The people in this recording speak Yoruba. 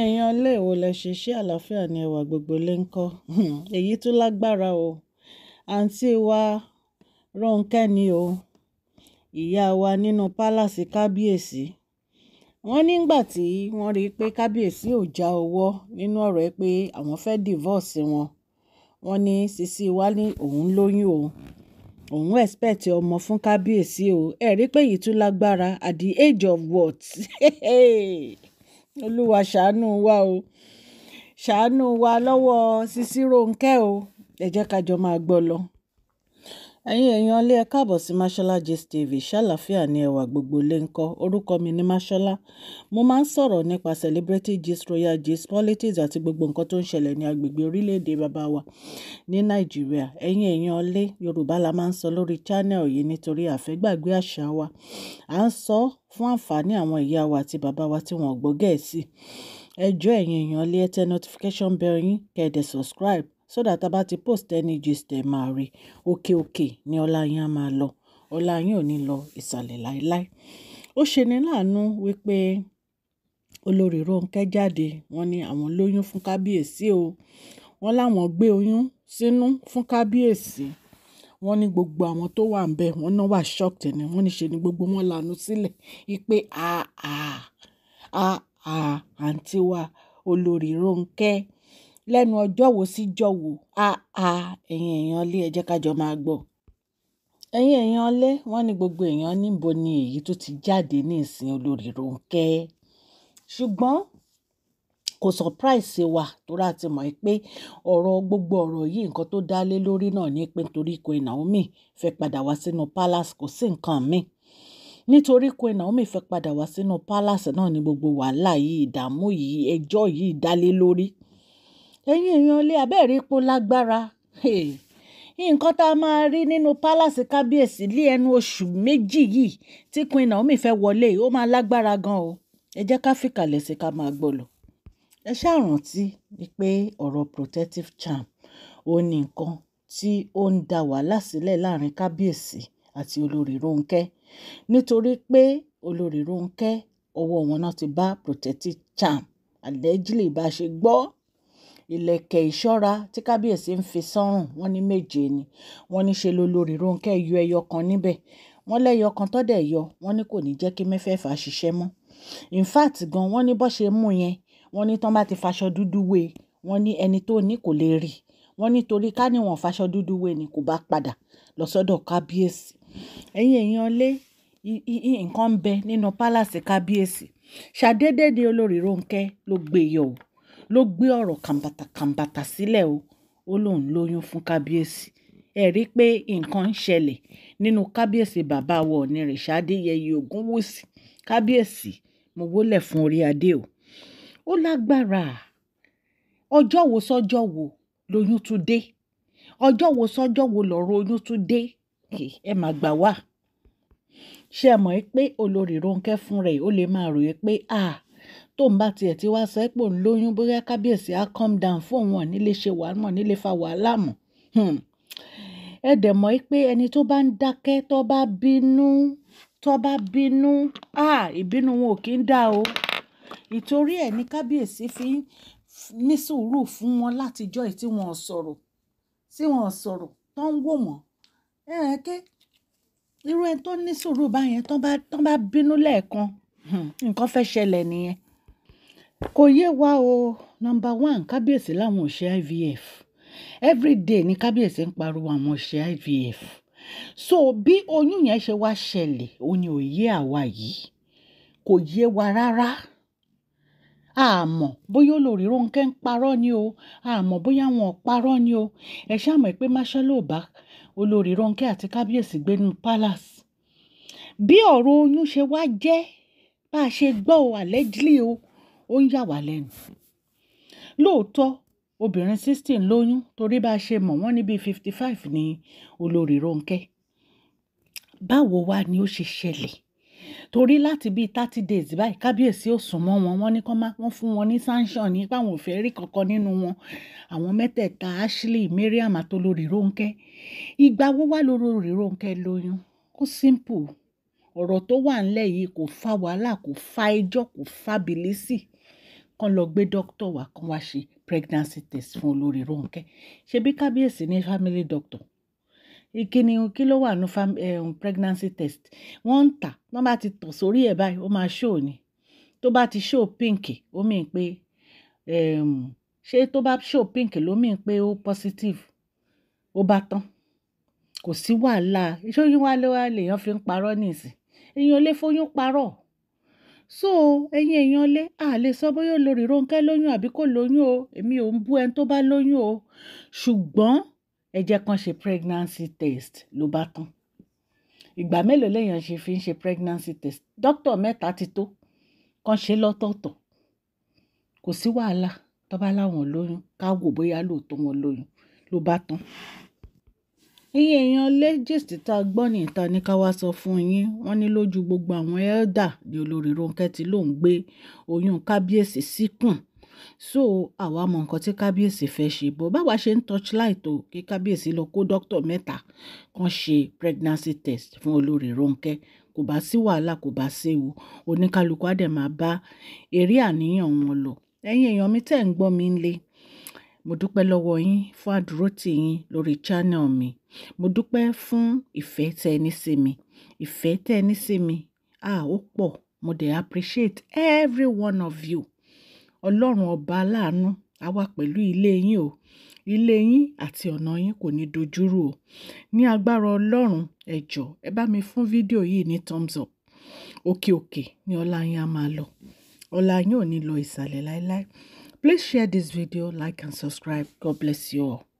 ẹ̀yin ọlé èwo lẹ ṣe ṣé àlàáfíà ni ẹwà gbogbo lè ń kọ́ hmm, èyí tó lágbára o àǹtí wa Rónkẹ́ ni o ìyá wa nínú pálásì kábíyèsí wọ́n nígbà tí wọ́n rí i pé kábíyèsí ò já owó nínú ọ̀rọ̀ ẹ pé àwọn fẹ́ divorce wọn wọ́n ní Sisi wa ní òun lóyún o òun expect ọmọ fún kábíyèsí o ẹ rí i pé èyí at the age of what olúwa ṣàánú wa o ṣàánú wa lọ́wọ́ Sisi Ronke o ẹ jẹ́ ká jọ máa gbọ́ lọ ẹ̀yin èèyàn ilé ẹ káàbọ̀ sí mashola gist tv ṣàlàfíà ni ẹwà gbogbo lè ń kọ́ orúkọ mi ní mashola mo máa ń sọ̀rọ̀ nípa celebrity gist royal gist politics àti gbogbo nǹkan tó ń ṣẹlẹ̀ ní agbègbè orílẹ̀-èdè bàbá wa ní nàìjíríà ẹ̀yin èèyàn ilé yorùbá la máa ń sọ lórí channel yìí nítorí àfẹ́gbàgbé àṣà wa à ń sọ fún àǹfààní àwọn ìyá wa àti bàbá wa tí wọn gbọ́ gẹ̀ẹ́sì ẹ jọ̀ọ́ ẹ̀yin èèyàn ilé ẹ notification bell yín kẹ́ ẹ dẹ̀ subscribe so that tá a bá ti post any gist ẹ máa rí òkè òkè ni ọlá yín á máa lọ ọlá yín ò ní lọ ìsàlẹ̀ láéláé ó ṣeni láàánú wípé olórí Rónkẹ́ jáde wọ́n ní àwọn lóyún fún kábíyèsí o wọ́n láwọn gbé oyún sínú fún kábíyèsí wọ́n ní gbogbo àwọn tó wà ń bẹ̀ wọ́n náà wà shocked ni wọ́n ní ṣe ni gbogbo wọn lanu sílẹ̀ wípé àà àà àǹtí wa olórí Rónkẹ́ lẹ́nu ọjọ́ wo síjọ́ wo àà ẹ̀yin èèyàn lé ẹ jẹ́ ká jọ máa gbọ́ ẹ̀yin èèyàn lé wọ́n ní gbogbo èèyàn níbo ni èyí tó ti jáde ní ìsìn olórí Rónkẹ́ ṣùgbọ́n kò surprise wa torí a ti mọ̀ pé ọ̀rọ̀ gbogbo ọ̀rọ̀ yìí nǹkan tó dá lé lórí náà ni pé nítorí Queen Naomi fẹ́ padà wá sínú palace kò sí nǹkan míì nítorí Queen Naomi fẹ́ padà wá sínú palace náà ní gbogbo wàhálà yìí ìdààmú yìí ẹjọ́ yìí dálé lórí ẹ̀yin èèyàn ilé abẹ́rẹ́ epo lágbára nǹkan tá a máa rí nínú palace kábíyèsí lé ẹnu oṣù méjì yìí tí Queen Naomi fẹ́ wọlé ó máa lágbára gan o ẹ jẹ́ ká fìkàlẹ̀ sí ká máa gbọ́ ẹ ṣáà rántí pé ọ̀rọ̀ protective charm ó ní nǹkan tí ó ń da wàhálà sílẹ̀ láàrin kábíyèsí àti olórí Rónkẹ́ nítorí pé olórí Rónkẹ́ ọwọ́ wọn náà ti bá protective charm allegedly bá ṣe gbọ́ ìlẹ̀kẹ̀ ìṣọ́ra tí kábíyèsí ń fi sọ́rùn wọn ní méje ni wọ́n ní ṣe lólórí Rónkẹ́ yọ ẹyọ kan níbẹ̀ wọ́n lẹ́yọ kan tọ́dẹ̀ yọ wọ́n ní kò ní jẹ́ kí mẹ́fẹ̀ẹ̀fà ṣiṣẹ́ mọ́ in fact gan wọ́n ní bó ṣe mú yẹn wọ́n ní tán bá ti faṣọ dúdú wé wọ́n ní ẹni tó ní kò lè rí wọ́n nítorí ká níwọ̀n faṣọ dúdú wé ni kò bá padà lọ sọ́dọ̀ kábíyèsí Ẹ̀yin èèyàn ilé, nǹkan ń bẹ nínú palace kábíyèsí. Ṣadédé ni olórí Ronkẹ́ ló gbé e yọ ò, ló gbé ọ̀rọ̀ kàǹbàtàkàǹbàtà sílẹ̀ o. Ó lóun lóyún fún kábíyèsí. Ẹ rí pé nǹkan ń ṣẹlẹ̀ nínú kábíyèsí bàbá wa Ọ̀nìrìnṣà Adéyẹyè Ògúnwùsì. Kábíyèsí, mo wólẹ̀ fún orí adé o. Ó lágbára. Ọjọ́ wo sọ́jọ́ wo lóyún tún dé? Ọjọ́ wo sọ́jọ́ wo lọ̀rọ̀ oyún tún dé? ẹ mà gbà wá ṣé ẹ mọ̀ pé olórí Rónkẹ́ fún rẹ̀ ó lè máa ròyìn pé ah tóun bá tiẹ̀ ti wá sẹ́pò lóyún bóyá kábíyèsí á calm down fóun wọn nílé ṣe wàá mọ̀ nílé fa wàhálà mọ̀ hmm. ẹ dẹ̀ mọ̀ pé ẹni tó bá ń dákẹ́ tó bá bínú tó bá bínú ah ìbínú wọn ò kí ń dá o ìtorí ẹ̀ ní kábíyèsí fi ní sùúrù fún wọn látijọ́ ì tí wọn sọ̀rọ̀ tí wọn sọ̀rọ̀ tó ń wò wọ́n ẹ ẹ ké irú ẹni tó ní sùúrù báyẹn tán bá bínú lẹ́ẹ̀kan hmm, nǹkan fẹ́ ṣẹlẹ̀ nìyẹn kò yé wa o nọmba one kábíyèsí làwọn ò ṣe IVF everyday ni kábíyèsí ń pariwo àwọn ṣe IVF so bí oyún yẹn ṣe wá ṣẹlẹ̀ ó ní òye àwa yìí kò yé wa rárá àmọ́ bóyá olórí Rónkẹ́ ń parọ́ ni o àmọ́ bóyá wọn ò parọ́ ni o ẹ ṣàmọ̀ pé máṣá ló olórí Ronke àti kábíyèsí gbé nínú palace bí ọ̀rọ̀ oyún ṣe wá jẹ́ bá a ṣe gbọ́ ọ allegedly o ó ń yà wá lẹ́nu lóòótọ́ obìnrin sixteen lóyún torí bá a ṣe mọ̀ wọ́n níbi fifty five ní olórí Ronke báwo wá ni ó ṣe ṣẹlẹ̀ torí láti bíi thirty days báyìí kábíyèsí ò sùn mọ́ wọn wọ́n ní kọ́ má wọ́n fún wọn ní sanction ní pé àwọn ò fẹ́ rí kankan nínú wọn àwọn mẹ́tẹ̀ẹ̀ta Ashley Mariam àtolórí Rónkẹ́ ìgbà wo wá lórí Rónkẹ́ lóyún kó simple ọ̀rọ̀ tó wà ńlẹ̀ yìí kò fa wàhálà kò fa ẹjọ́ kò fa bìlísì kan lọ gbé dókítà wá kan wá ṣe pregnancy test fún olórí Rónkẹ́ ṣebí kábíyèsí ní family doctor ìkíni kí ló wà ní eh, um, pregnancy test wọ́n ń tà wọ́n bá ti tọ̀ sórí ẹ̀ báyìí ó máa ṣó ni tó bá ti ṣó pink ó mìíràn pé ehm, ṣé tó bá ṣó pink ló mìíràn pé ó positive ó bá tán kò sí wàhálà ìṣóyún wa ló wà lèèyàn fi ń parọ́ nìsín èèyàn lè fóyún parọ́ so ẹ̀yin èèyàn lé a lè sọ bóyá olórí Rónkẹ́ lóyún àbí kò lóyún o èmi ò ń bú ẹni tó bá lóyún o ṣùgbọ́n ẹ jẹ́ kán ṣe pregnancy test ló bá tán ìgbà mélòó lèèyàn ṣe fi ń ṣe pregnancy test dókítà mẹ́ta ti tó kán ṣe lọ́tọ̀ọ̀tọ̀ kò sí wàhálà tó bá láwọn lóyún ká wò bóyá lóòótọ́ wọn lóyún ló bá tán iye èèyàn lé gist tá a gbọ́ ní ìta ní ká wá sọ fún yín wọ́n ní lójú gbogbo àwọn elder ní olórí Ronke tí lòún gbé oyún kábíyèsí síkùn si so àwa mọ nǹkan tí kábíyèsí fẹ́ ṣe bọ́ báwa ṣe ń torchlight o kí kábíyèsí lọ kó dókítà mẹ́ta kan ṣe pregnancy test fún olórí Rónkẹ́ kò bá sí wàhálà kò bá séwu oníkálukú á dẹ̀ máa bá eré àníyàn wọn lọ ẹ̀yin èèyàn mi tẹ́ ń gbọ́ mi ń lé mo dúpẹ́ lọ́wọ́ yín fún àdúrótì yín lórí channel mi mo dúpẹ́ fún ìfẹ́ tẹ́ ẹ ní sí mi ìfẹ́ tẹ́ ẹ ní sí mi ah ó pọ̀ mo dey appreciate every one of you Ọlọ́run ọba aláàánú á wà pẹ̀lú ilé yín o. Ilé yín àti ọ̀nà yín kò ní dojúrú o. Ni agbára Ọlọ́run, ẹ jọ̀ọ́ ẹ bá mi fún fídíò yìí ní thumbs up. Òkè òkè ni ọlá yín á máa lọ. Ọlá yín ò ní lọ ìsàlẹ̀ láíláí. Please share this video, like and subscribe. God bless you all.